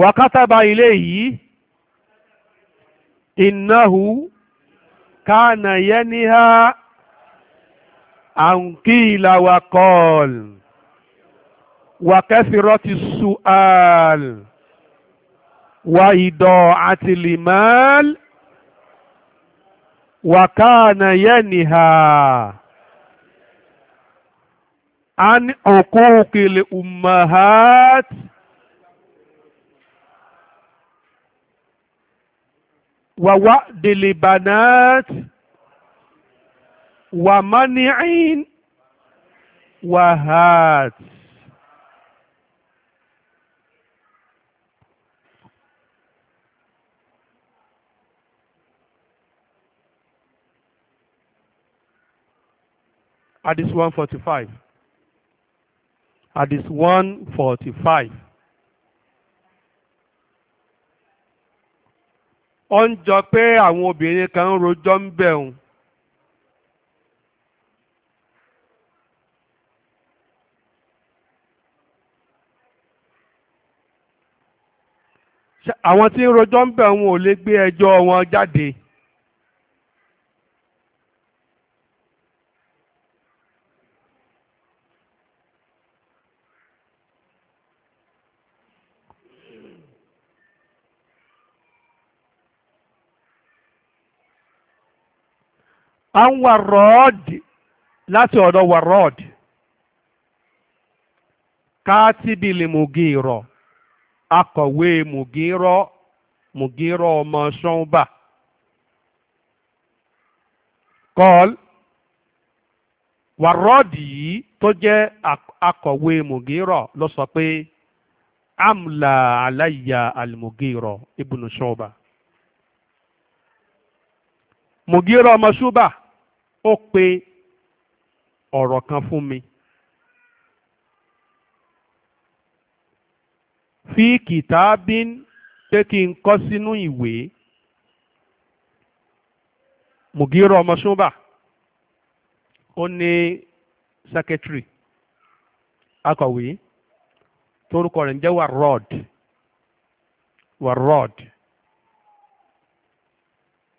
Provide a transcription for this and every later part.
wàkátàbà ilé yìí ìnáhù kánà yẹníhá àǹkìlà wàkọ́ọ̀l wàkẹ́fìrọ́ ti su'al wà ìdọ̀ àti limal wàkánà yẹníhá an òkúkìlì umahat. wàwá dilibanat wàmánìín wàhát. Hadith 145. Hadith 145. ó ń jọ pé àwọn obìnrin kan ń rojọ́ ń bẹ̀rùn. àwọn tí ń rojọ́ ń bẹ̀rùn ò lè gbé ẹjọ́ wọn jáde. an warod láti ọ̀dọ̀ warod kátìbìlì mùgìrọ̀ akọ̀wé mùgìrọ̀ mùgìrọ̀ ọmọ ṣọ́nba kọ́l warod yìí tó jẹ́ akọ̀wé mùgìrọ̀ ló sọ pé amla alayya almugiro ibnu ṣọ́nba mùgìrọ̀ ọmọ ṣọ́nba ó pe ọ̀rọ̀ kan fún mi. fi kìtàbín pé kí n kọ sínú ìwé mùgírọ ọmọ ó ní secretary akọ̀wé torúkọ rẹ̀ ń jẹ́ warod warod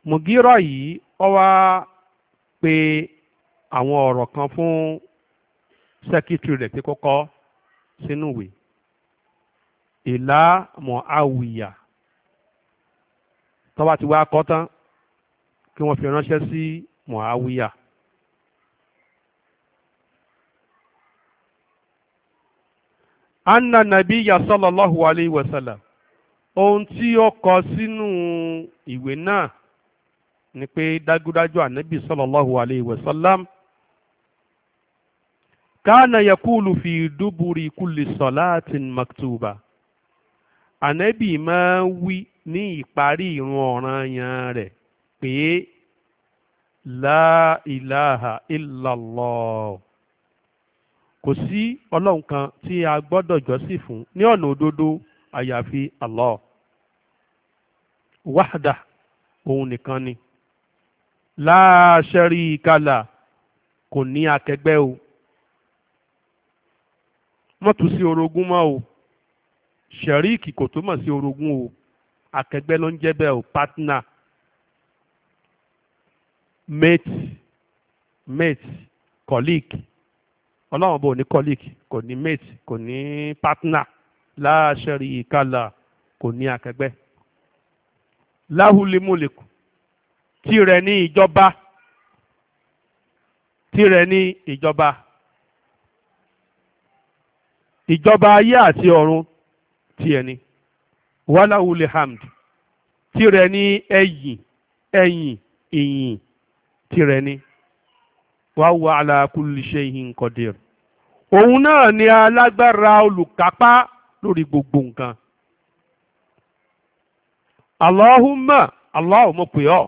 mùgírọ yìí ó pé àwọn ọ̀rọ̀ kan fún sẹ́kítírì rẹ̀ pé kọ́kọ́ sínú ìwé ìlà mọ̀áwìyà tọ́wá ti wá kọ́ tán kí wọ́n fi ránṣẹ́ sí mọ̀áwìyà. anna nabiya sallallahu alayhi wa sallam ohun tí ó kọ sínú ìwé náà ni pé dájúdájú ànábì sallallahu alayhi wa sallam kana yakulu fi duburi kulli salatin maktuba ànábì máa ń wí ní ìparí ìrun ọ̀ranyàn rẹ̀ pé la ilaha illallah kò sí ọlọ́run kan tí a gbọ́dọ̀ jọ́sìn fún ní ọ̀nà òdodo àyàfi Allah wahda òun nìkan ni láàṣẹrí ìkàlà kò ní akẹgbẹ́ o mọ́tò sí orogún mọ́ o ṣẹ̀ríìkì kò tó mọ̀ sí orogún o akẹgbẹ́ ló ń jẹ́ bẹ́ẹ̀ o partner mate mate colleague ọlọ́run bò ní colleague kò ní mate kò ní partner láàṣẹrí ìkàlà kò ní akẹgbẹ́ láhùlímùlẹ̀kù tirẹ̀ ni ìjọba tirẹ̀ ni ìjọba ìjọba ayé àti ọ̀run tiẹ̀ ni wàláwùlé hamd tirẹ̀ ni ẹ̀yìn ẹ̀yìn ìyìn tirẹ̀ ni wàá wà aláàkúlù ṣe ìhìn kọ́dìr òun náà ni alágbára olùkápá lórí gbogbo nǹkan. Allahumma Allahumma pè ọ́.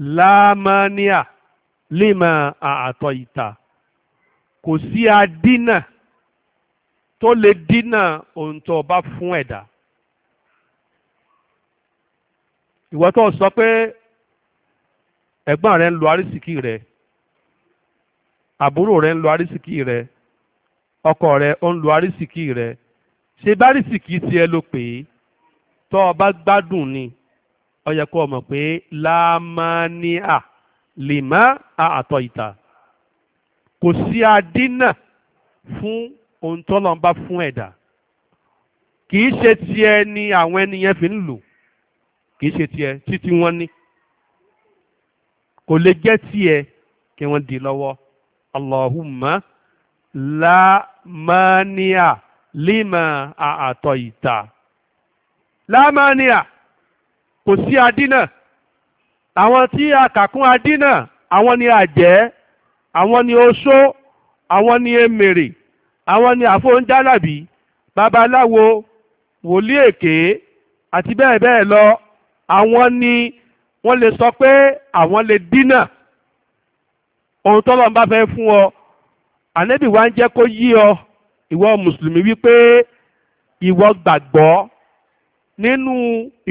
láàmánìà lèmọ àtọ ìta kò sí adínà tó lè dínà ohun tó bá fún ẹ̀dá ìwọ tó sọ pé ẹ̀gbọ́n rẹ ń lo arísìkí rẹ àbúrò rẹ ń lo arísìkí rẹ ọkọ rẹ ó ń lo arísìkí rẹ ṣe bárísìkí tiẹ̀ ló pè é tó o bá gbádùn ni ó yẹ kó o mọ̀ pé lámáníà lèmá àtọ̀ ìta kò sí adínà fún ohun fún ẹ̀dá kì í ṣe tiẹ̀ ni àwọn ẹni yẹn fi ń lò kì í ṣe tiẹ̀ títí wọ́n ní kò lè jẹ́ tiẹ̀ kí wọ́n di lọ́wọ́ allahumma la mania lima àtọ̀ ìta la mania kò sí adínà àwọn tí a kà kún adínà àwọn ni àjẹ́ àwọn ni oṣó àwọn ni emèrè àwọn ni àfóúnjálàbí babaláwo wòlíì èké àti bẹ́ẹ̀ bẹ́ẹ̀ lọ àwọn ni wọ́n lè sọ pé àwọn lè dínà ohun tọ́lọ́ ń bá fẹ́ fún ọ ànẹ́bí wa ń jẹ́ kó yí ọ ìwọ mùsùlùmí wípé ìwọ gbàgbọ́ nínú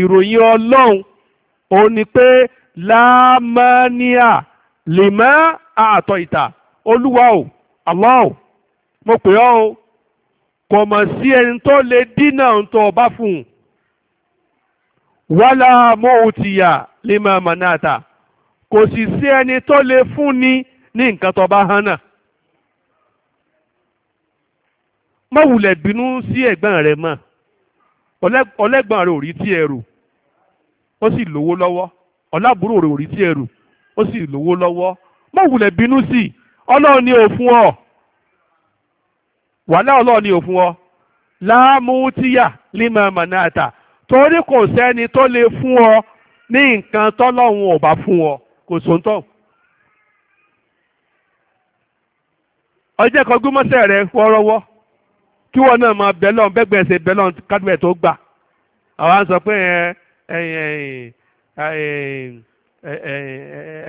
ìròyìn ọlọ́run òun ni pé lámánìà lèmọ́ àtọ̀ ìta olúwa o Allah o mo pè ọ́ o kò mọ̀ sí ẹni tó lè dínà tó ọba fún un wálá mọ́ọ̀tìyà lèmọ́ mọ̀nàta kò sì sí ẹni tó lè fún ni ní nǹkan tó bá hàn náà. mọ̀wùlẹ̀ bínú sí ẹ̀gbọ́n rẹ̀ mọ́. ọlẹ́gbọ̀n rẹ̀ ò rí tí ẹrù ó sì lówó lọ́wọ́ ọlábùrò rẹ̀ ò rí tí ẹrù ó sì lówó lọ́wọ́ má wulẹ̀ bínú sí i ọlọ́run ni ò fún ọ wàhálà ọlọ́run ni ò fún ọ láàmútíyà lima manata torí kò sẹ́ni tó lè fún ọ ní nǹkan tọ́lọ́run ò bá fún ọ kò sóńtọ́. ọjọ́ mọ́sẹ̀ rẹ̀ wọ́ọ́rọ́wọ́. kí wọ́n náà máa bẹ́lọ̀ bẹ́gbẹ́ ṣe bẹ́lọ̀ tó gbà àwa ń sọ pé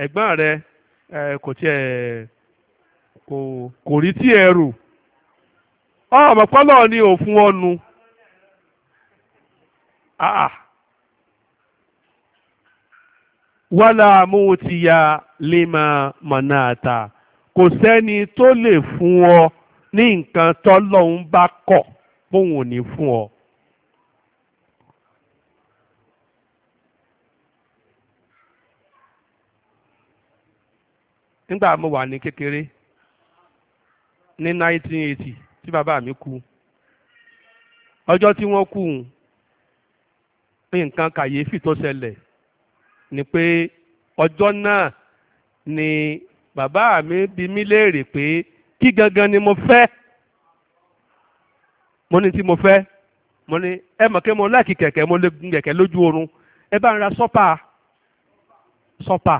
ẹgbọn rẹ kò tiẹ̀ kò rí tí ẹ rù ọ pọ́lọ́ ni òfun ọnu wàlà amóhùn ti ya lè máa mọ̀nà àtà kò sẹ́ni tó lè fún ọ. ní nǹkan tọ́lọ́hún bá kọ̀ bóun ò ní fún ọ. nígbà mo wà ní kékeré ní 1980 tí bàbá mi kú ọjọ́ tí wọ́n kú nǹkan kàyéfì tó ṣẹlẹ̀ ni pé ọjọ́ náà ni bàbá mi bi mí léèrè pé kí gangan ni mo fẹ́ mo ní tí mo fẹ́ mo ní ẹ mọ̀ kí mo láìkí kẹ̀kẹ́ mo lè gun kẹ̀kẹ́ lójú oorun ẹ bá ń ra sọ́pà sọ́pà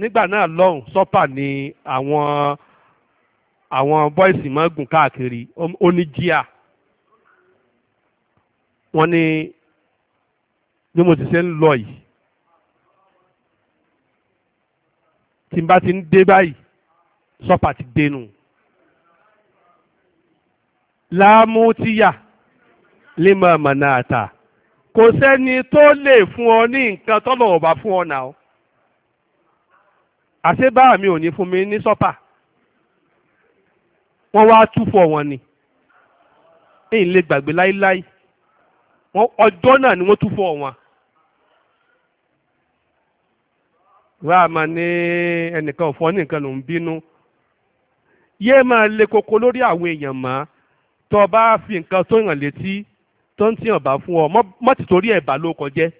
nígbà náà lọ́hùn sọ́pà ni àwọn àwọn bọ́ìsì máa ń gùn káàkiri ó ní jíà wọ́n ní bí mo ti ṣe ń lọ yìí tí n bá ti ń dé báyìí sọ́pà ti dénú láàmútíyà límọ̀ mọ̀nàtà kò sẹ́ni tó lè fún ọ ní nǹkan tọ́lọ̀ ọ̀bà fún ọ nà ó mi ò ní fún mi ní sọ́pà wọ́n wá túfọ̀ wọn ni èyí lè gbàgbé láíláí ọjọ́ náà ni wọ́n túfọ̀ wọn. wá a máa ní ẹnìkan ò fọ́ ní nǹkan ló ń bínú yéé máa le koko lórí àwọn èèyàn máa tó o bá fi nǹkan tó yàn létí tó ń tíyàn bá fún ọ mọ́ ti torí ẹ̀bà ló kọjẹ́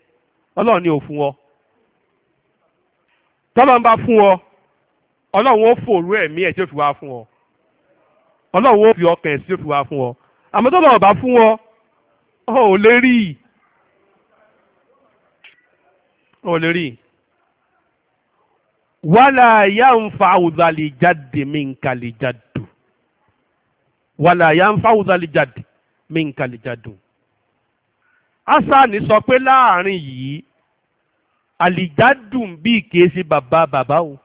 ọlọ́run ni ò fún ọ tọ́lọ́run bá fún ọ ọlọ́run ó fòrú ẹ̀mí ẹ̀ tí ó fi wá fún ọ ọlọ́run ó fi ọkàn ẹ̀ tí ó fi wá fún ọ àmọ́ tọ́lọ́run bá fún ọ ọ lè rí i ò lè rí i wàhálà yà ń fa àwùjọ àlè jáde mí ń kalè jáde wàlà ya ń fáwùzà lè jáde mí nǹkan lè jádùn. Hassani sọ pé láàrin yìí àlìjádùn bíi kìí ṣe bàbá bàbá o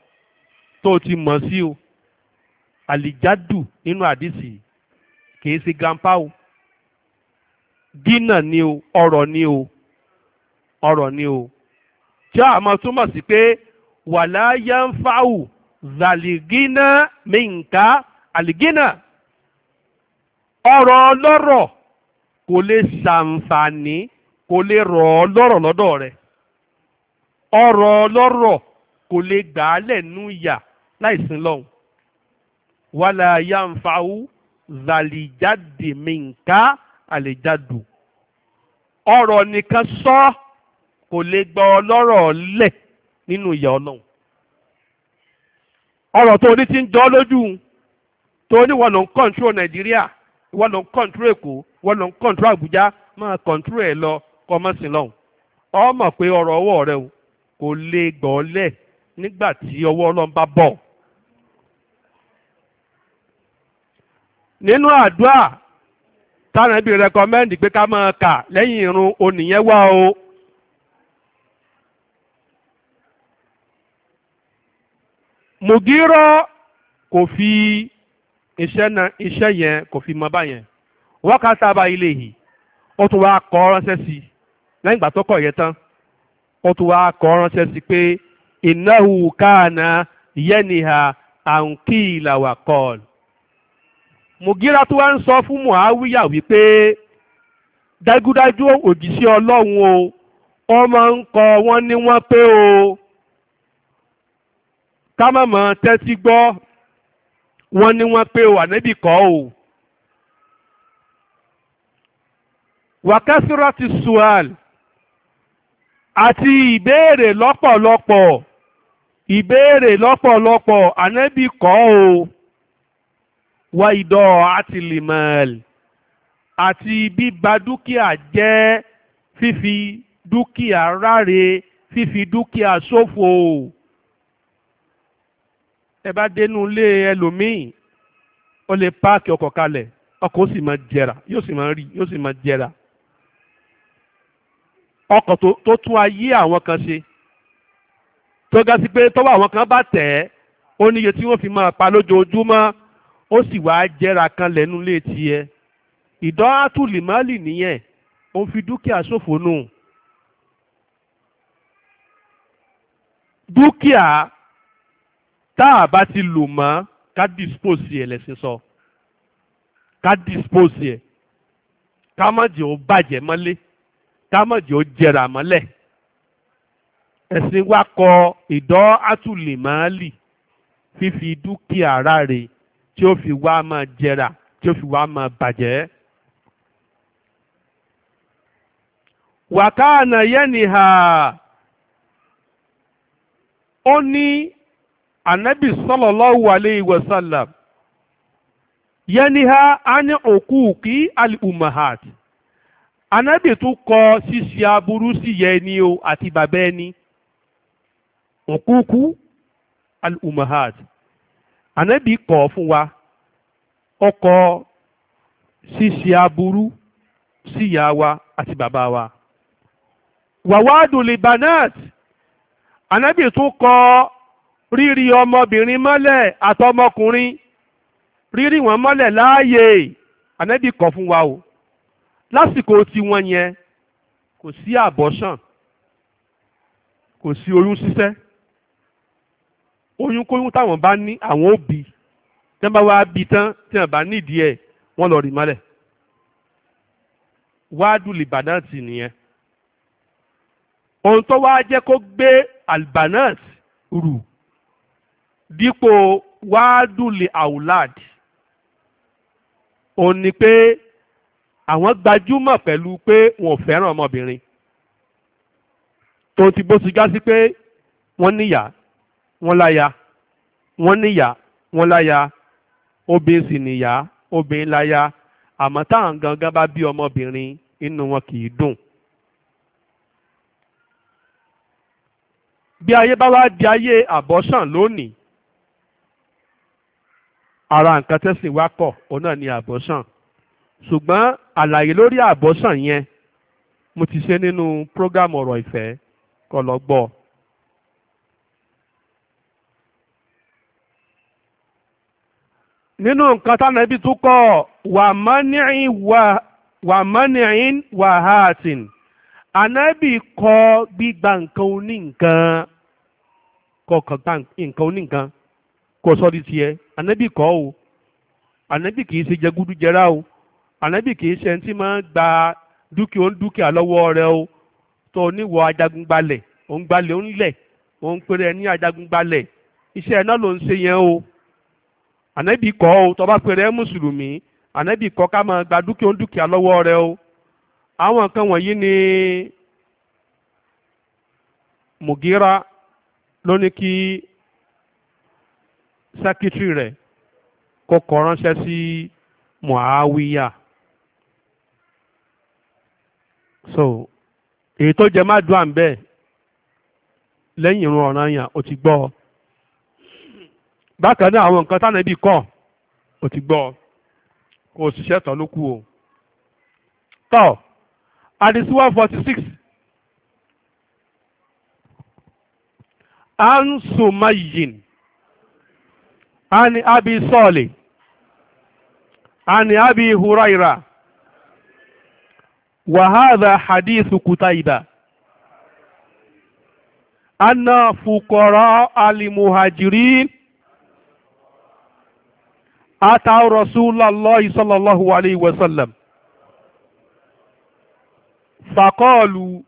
tó ti mọ̀ sí o àlìjádùn nínú àdìsí kìí ṣe grandpa o dínà ni o ọ̀rọ̀ ni o ọ̀rọ̀ ni o tí a mọ̀ túmọ̀ sí pé wàlá yẹn fáwù zàlìgínà mí nǹkan àlìgínà. ọ̀rọ̀ ọlọ́rọ̀ kò lè ṣàǹfààní kò lè rọ̀ ọ́ lọ́rọ̀ lọ́dọ̀ rẹ̀ ọ̀rọ̀ ọlọ́rọ̀ kò lè gbà á lẹ́nu yà láìsìn lọ́hùn wàlà yanfàù zàlìjáde mìǹká àlèjádù ọ̀rọ̀ nìkan sọ kò lè lẹ̀ nínú ìyà ọ̀rọ̀ tó ní ti ń lójú tó ní ń nàìjíríà ìwọ ló ń kọ́ńtúrò èkó ìwọ ló ń kọ́ńtúrò àbújá máa kọ́ńtúrò ẹ̀ lọ kọ́mọ́sìn lọ́hùn ọmọ pé ọ̀rọ̀ ọwọ́ rẹ o kò lè gbọ́lẹ̀ nígbà tí ọwọ́ ọlọ́run bá bọ̀. nínú àdúrà tánàbí rẹkọmẹ́ndì pé ká máa kà lẹ́yìn irun onìyẹn wá o. mùgírọ́ kò fi iṣẹ́ na iṣẹ́ yẹn kò fi mọ báyẹn wọ́n ká sábà ilé yìí ó tún wá kọ ránṣẹ́ sí i lẹ́yìn ìgbà tó kọ̀ yẹn tán ó tún wá kọ ránṣẹ́ sí i pé ìnáwó káàna yẹ́nìhà àǹkì ìlàwà kọ́ọ̀lù. mùgírà tó wá ń sọ fún muhawiya wípé dájúdájú òjíṣẹ́ ọlọ́run o wọ́n máa ń kọ wọ́n ní wọ́n pé o ká má mọ̀ tẹ́tí gbọ́ wọ́n ní wọ́n pé o ànábì kọ́ o. wàkásírà ti sual àti ìbéèrè lọ́pọ̀lọpọ̀ ìbéèrè lọ́pọ̀lọpọ̀ ànábì kọ́ o wá ìdọ̀ àti lìmọ̀ẹ́lì àti bíba dúkìá jẹ́ fífi dúkìá ráre fífi dúkìá ṣòfò ẹ bá dénú ilé ẹlòmíì ó lè páàkì ọkọ̀ kalẹ̀ ọkọ̀ ó sì máa jẹrà yóò sì máa rí yóò sì máa jẹrà ọkọ̀ tó tún ayé àwọn kan ṣe tó ga sí pé tọ́wọ́ àwọn kan bá tẹ̀ ẹ́ ó níye tí wọ́n fi máa pa lójoojúmọ́ ó sì wáá jẹrà kan lẹ́nu ilé tiẹ̀ ìdán átùlìmọ́lì nìyẹn ó fi dúkìá ṣòfò nù. dúkìá tá a bá ti lò mọ́ ká dispose ẹ̀ lẹ́sìn sọ ká dispose ẹ̀ ká má jẹ́ ó bàjẹ́ mọ́lé ká má jẹ́ ó jẹrà mọ́lẹ̀ ẹ̀sìn wa kọ ìdọ́ àtúlẹ̀mọ́lì fífi dúkìá ara rẹ̀ tí ó fi wá máa jẹrà tí ó fi wá máa bàjẹ́. wàkàánà yẹ́nìhà ó ní anabi sallallahu alayhi wa sallam yaniha ani okuki al-umahat anabi tún kọ ṣíṣe aburú sí yẹ ni o àti bàbá ẹni okuku al-umahat anabi kọ fún wa ọkọ ṣíṣe aburú sí ìyá wa àti bàbá wa wàwádùn libanat anabi tún kọ rírí ọmọbìnrin mọ́lẹ̀ àtọmọkùnrin rírí wọn mọ́lẹ̀ láàyè ànábì kọ̀ fún wa o lásìkò tiwọn yẹn kò sí àbọ̀sàn kò sí oyún ṣíṣẹ́ oyún kóyún táwọn bá ní àwọn ó bí tí wọ́n bá wá bí tán tí wọ́n bá nídìí ẹ̀ wọ́n lọ rí mọ́lẹ̀ wáádùn libanat nìyẹn ohun tó wá jẹ́ kó gbé albanat rù dípò wádùlì àwùlád òun ni pé àwọn gbajúmọ̀ pẹ̀lú pé wọn ò fẹ́ràn ọmọbìnrin tó ti bó ti já sí pé wọ́n níyà wọ́n láya wọ́n níyà wọ́n láya obìnrin sì níyà obìnrin láya àmọ́ táwọn gangan bá bí ọmọbìnrin inú wọn kì í dùn. bí ayé bá wá di ayé àbọ́sàn lónìí ara nǹkan tẹ́sìn wa kọ̀ òun náà ni àbọ̀sàn ṣùgbọ́n àlàyé lórí àbọ̀sàn yẹn mo ti ṣe nínú prógámù ọ̀rọ̀ ìfẹ́ kó lọ gbọ́ ọ. nínú nǹkan tánàbí tún kọ́ wà mọ́nìrín wà hàtìn ànábì kọ̀ gbígba nǹkan oní nǹkan kọ̀ọ̀kan nǹkan oní nǹkan kò sọ di tiẹ̀ ànábì kọ́ o ànábì kì í ṣe jẹgúdújẹrá o ànábì kì í ṣe ẹni tí máa ń gba dúkìá ó ń dúkìá lọ́wọ́ rẹ o tó o níwọ̀ ajagunbalẹ̀ ò ń gbalẹ̀ ó ń lẹ̀ ò ń pèrè ẹni ajagunbalẹ̀ iṣẹ́ ẹ̀ náà ló ń ṣe yẹn o ànábì kọ́ o tó pèrè ẹ́ mùsùlùmí ànábì kọ́ ká máa gba dúkìá ń dúkìá lọ́wọ́ rẹ o àwọn nǹkan wọ̀nyí ni Mugira ló kí sẹ́kítírì rẹ̀ kó kọ ránṣẹ́ sí Muawiya so èyí tó jẹ má dùn à ń bẹ́ẹ̀ lẹ́yìn ìrun ọ̀ràn yàn ó ti gbọ́ ọ bákan náà àwọn nǹkan tánàbí kọ́ ó ti gbọ́ ọ kò ṣiṣẹ́ tán ló kù o tọ́ àdìsí one forty six ansumayin. عن أبي صالح عن أبي هريرة وهذا حديث قتيبة أن فقراء المهاجرين أتوا رسول الله صلى الله عليه وسلم فقالوا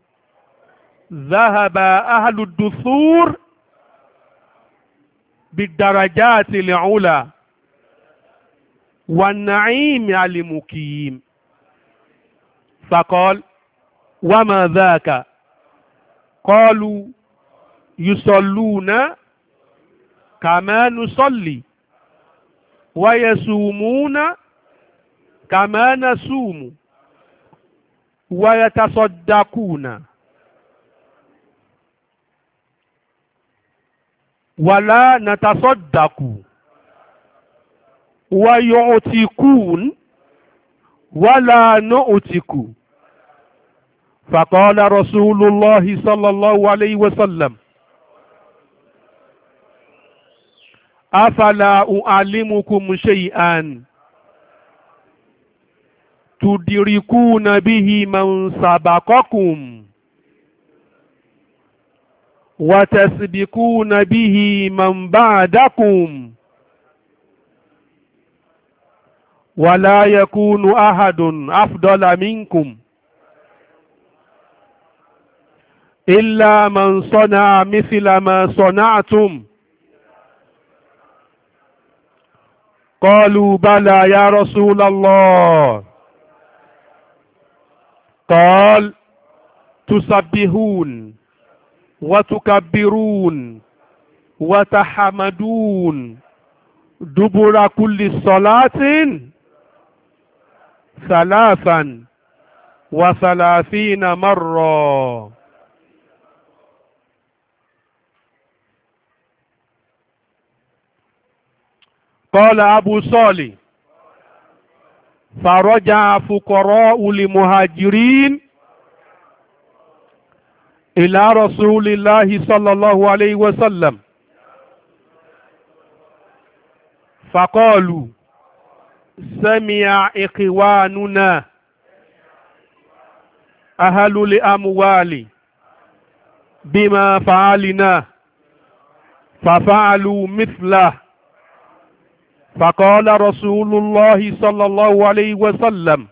ذهب أهل الدثور بالدرجات العلى والنعيم المقيم فقال وما ذاك قالوا يصلون كما نصلي ويصومون كما نصوم ويتصدقون wàlá nàtàsọ́dàkù wáyọ̀ ọtí kùn wàlá nà ọtí kù fàkọ́lá rọ́súlùlọ́hì sọ́lọ́lọ́wọ́ aleyhi wasallam afala u'alimukum shay'an tudirikuna bihi man sabaqakum وتسبقون به من بعدكم ولا يكون أحد أفضل منكم إلا من صنع مثل ما صنعتم قالوا بلى يا رسول الله قال تسبحون وتكبرون وتحمدون دبر كل صلاة ثلاثا وثلاثين مرة قال أبو صالح فرجع فقراء لمهاجرين إلى رسول الله صلى الله عليه وسلم فقالوا سمع إخواننا أهل الأموال بما فعلنا ففعلوا مثله فقال رسول الله صلى الله عليه وسلم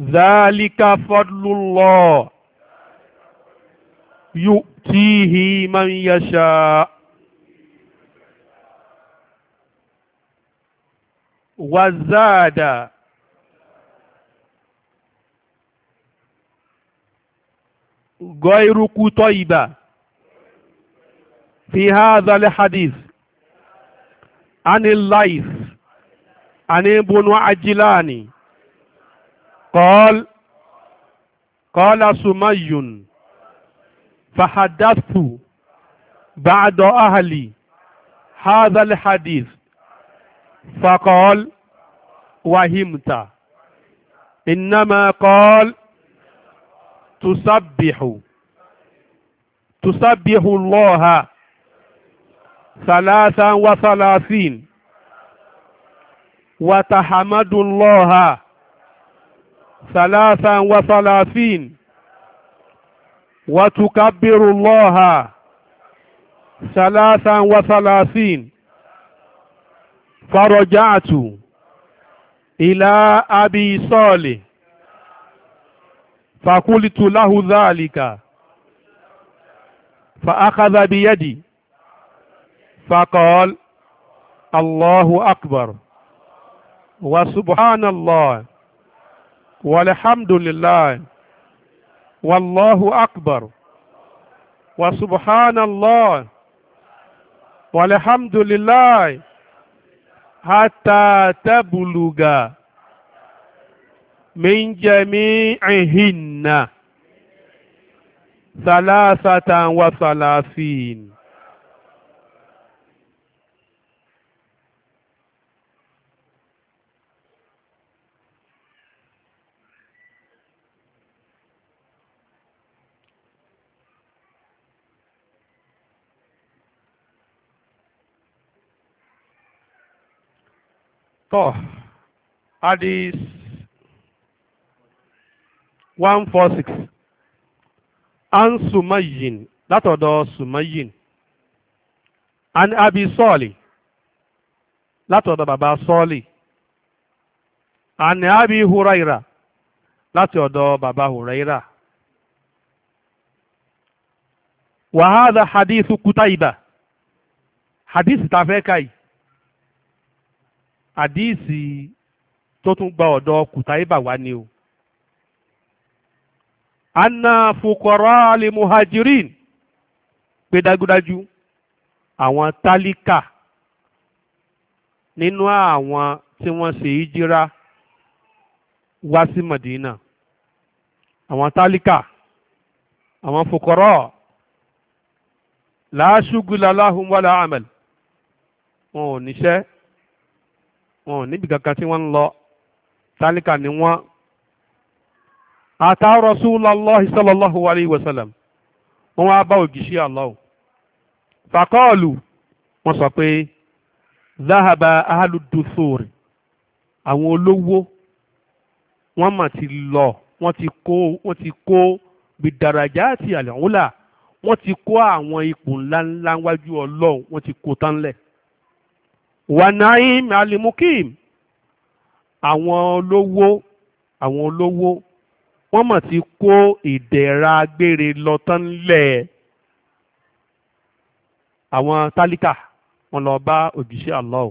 ذلك فضل الله يؤتيه من يشاء وزاد غير كتيبة في هذا الحديث عن الليث عن ابن عجلاني قال قال سمي فحدثت بعد أهلي هذا الحديث فقال وهمت إنما قال تسبح تسبح الله ثلاثا وثلاثين وتحمد الله ثلاثا وثلاثين وتكبر الله ثلاثا وثلاثين فرجعت إلى أبي صالح فقلت له ذلك فأخذ بيدي فقال الله أكبر وسبحان الله walhamdulillah wallahu akbar wa subhanallah walhamdulillah hatta tabluga min jami'ihinna salasatan wa salasin. tọ́ 146 an four six an sumayin látọ̀dọ̀ sumayin an abi sọ́ọ̀lì látọ̀dọ̀ baba sọ́ọ̀lì an abi huraira láti ọ̀dọ̀ baba huraira wàhálà hadith kutaiba hadith tafẹ́ káyìí. àdíìsì tó tún gba ọ̀dọ̀ kùtàìbà wá ni o. anna fukọrọ ali muhajirin pé dájúdájú àwọn tálíkà nínú àwọn tí wọ́n ṣe ìjírá wá sí Madina àwọn tálíkà àwọn fukọrọ láṣúgùlà láhùn wàlà àmàl wọn ò níṣẹ́ wọn ò níbi kankan tí wọ́n ń lọ tálíkà ni wọ́n. àtà Rasulullahi sallallahu alayhi wa sallam wọ́n wá bá ògìṣẹ́ Allah fàkọ́ọ̀lù wọ́n sọ pé záhàbà ahàlùdùsóòrì àwọn olówó wọ́n mà ti lọ wọ́n ti kó wọ́n ti kó bìdàràjà àti àlẹ́wọ́là wọ́n ti kó àwọn ipò ńláńlá wájú ọlọ́run wọ́n ti kó tán lẹ̀ wanaim alimukim àwọn olówó àwọn olówó wọ́n mọ̀ ti kó ìdẹ̀ra gbére lọ tán lẹ̀ àwọn tálíkà wọ́n lọ bá òjíṣẹ́ Allah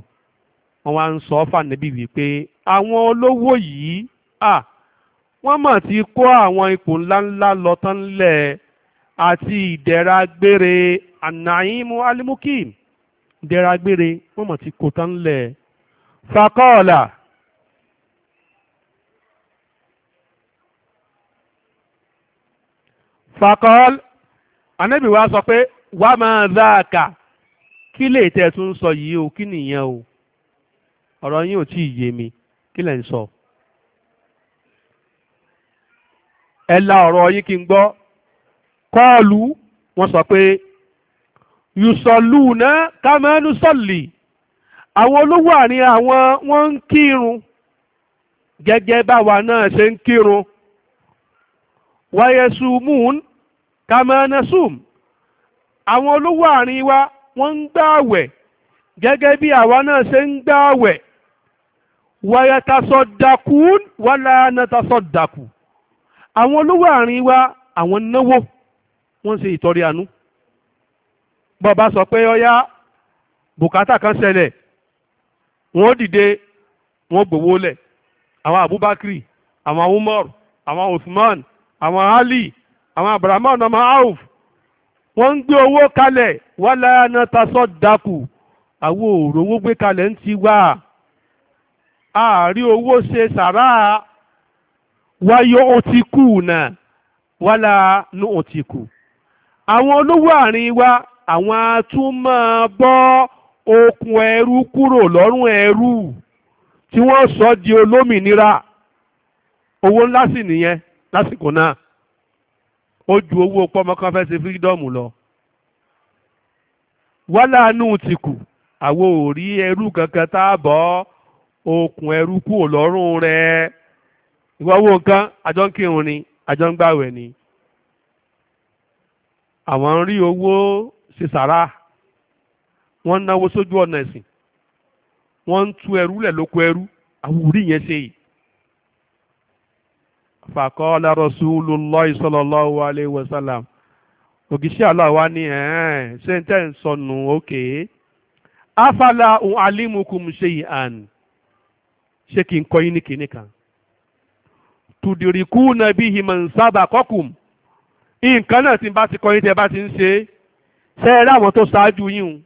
wọ́n wá ń sọ fànẹ́bí wípé àwọn olówó yìí à wọ́n mọ̀ ti kó àwọn ipò ńláńlá lọ tán lẹ̀ àti ìdẹ̀ra gbére anaimu alimukim dẹra gbére wọ́n mọ̀ ti kò tán lẹ̀. fakọ́ọ̀là fakọ́ọ̀l anábì wa sọ pé wà máa dáàkà kí lè tẹ̀ tún sọ yìí o kí nìyẹn o ọ̀rọ̀ yín ò tí ì yé mi kí lẹ̀ ń sọ. ẹ la ọ̀rọ̀ yín kí n gbọ́ kọ́ọ̀lù wọ́n sọ pé yùsọ̀lùnà kámánú sọ̀lì àwọn olówó àárín àwọn wọ́n ń kírun gẹ́gẹ́ báwa náà ṣe ń kírun wayesùmùn kámánásùm àwọn olówó àárín wa wọ́n ń gbààwẹ̀ gẹ́gẹ́ bí àwa náà ṣe ń gbààwẹ̀ wayatasọ̀dàkùn wàlà anatasọ̀dàkù àwọn olówó àárín wa àwọn náwó wọ́n ṣe ìtọrẹ àánú bọ́ba sọ pé ọyá bùkátà kan ṣẹlẹ̀ wọ́n dìde wọ́n gbowó lẹ̀ àwọn Abubakar àwọn Umar àwọn Usman àwọn Ali àwọn Abrahaman ọmọ Auf wọ́n ń gbé owó kalẹ̀ wálá ẹ̀nà tasọ́ dakù àwọn òòrò owó gbé kalẹ̀ ń ti wá àárí owó ṣe sàrà wáyọ ọtí kù náà wálá nù ọtí kù àwọn olówó àárín wa àwọn á tún máa bọ́ okùn ẹrú kúrò lọ́rùn ẹrú tí wọ́n sọ di olómìnira owó ńlá sì nìyẹn lásìkò náà ó ju owó pọ́mọ kan fẹ́ ṣe fírídọ́ọ̀mù lọ wálàánú ti kù àwo ò rí ẹrú kankan tá a bọ́ okùn ẹrú kúrò lọ́rùn rẹ̀ ìwọ wo nǹkan àjọ ni àjọ ń ni àwọn rí owó ṣe sàrà wọ́n ń náwó sójú ọ̀nà ẹ̀sìn wọ́n ń tu ẹrú lẹ̀ lóko ẹrú àwùrí yẹn ṣe yìí. fàkọ́lá Rasulullahi sallallahu alaihi wasallam ògìṣẹ́ aláwa ni ẹ̀ẹ́n ṣé ń tẹ́ ń sọnù òkè afala un alimukum shay'an ṣé kí n kọ́ yín ní kinní kan tùdìríkù nàbí himansaba kọ́kùm nǹkan náà tí bá ti kọ́ yín tẹ́ bá ti ń ṣe é ṣe é rí àwọn tó ṣáájú yín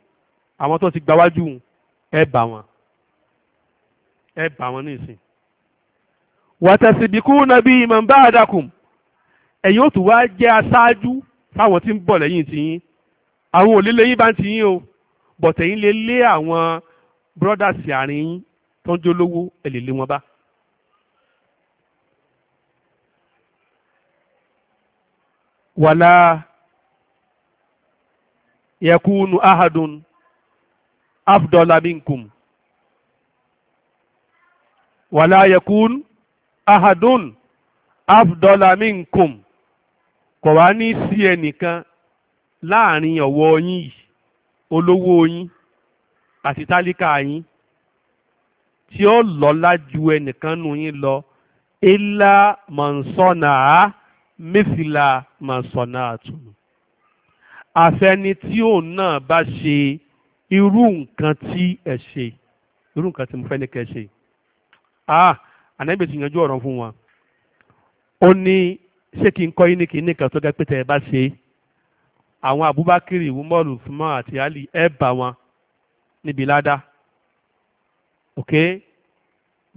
àwọn tó ti gbáwájú ẹ bà wọn ẹ bà wọn ní ìsìn wàtẹ̀sìbìkú nàbí ìmọ̀ bá àdàkùn ẹ̀yin ó tún wá jẹ́ aṣáájú fáwọn tí ń bọ̀ lẹ́yìn tiyín àwọn ò lè lé yín bá ń tiyín o bọ̀tẹ̀yìn lè lé àwọn brọ́dàsì àárín yín tó ń jólówó ẹ̀ lè lé wọn bá. wàlá yakunu ahadun afdala minkum wàlá yakun ahadun afdala minkum kò wá ní sí ẹnìkan láàrin ọ̀wọ́ yín yìí olówó yín àti tálíkà yín tí ó lọ́lá ju ẹnìkan nù yín lọ ilá mọ̀nsọ́nà á mẹ́fìlà mọ̀nsọ́nà àtùnú àfẹni tí òun náà bá ṣe irú nǹkan tí ẹ ṣe irú nǹkan tí mo fẹ́ ní kẹ́ ṣe ah ànábì ti yanjú ọ̀rọ̀ fún wọn ó ní ṣé kí n kọ́ yín ní kí n ní kan tó gẹ́ pé tẹ̀ ẹ bá ṣe àwọn Abubakar Umaru Usman àti Ali ẹ bá wọn níbi ládàá ok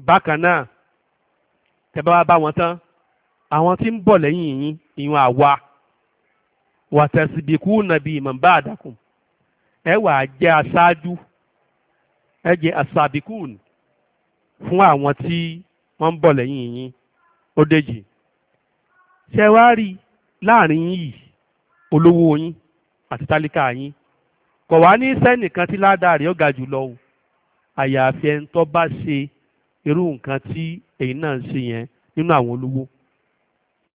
bákan náà tẹ́ bá wá bá wọn tán àwọn tí ń bọ̀ lẹ́yìn yín ìyún àwa wàtẹ̀sìbìkú nàbí ìmọ̀n bá àdàkùn ẹ wà á jẹ́ aṣáájú ẹ jẹ́ aṣàbìkún fún àwọn tí wọ́n ń bọ̀ lẹ́yìn yín ó déjì ṣe wá rí láàrin yìí olówó yín àti tálíkà yín kò wá ní sẹ́nìkan tí ládàá ó ga jù lọ o àyàfi ẹni tó bá ṣe irú nǹkan tí èyí náà ń ṣe yẹn nínú àwọn olówó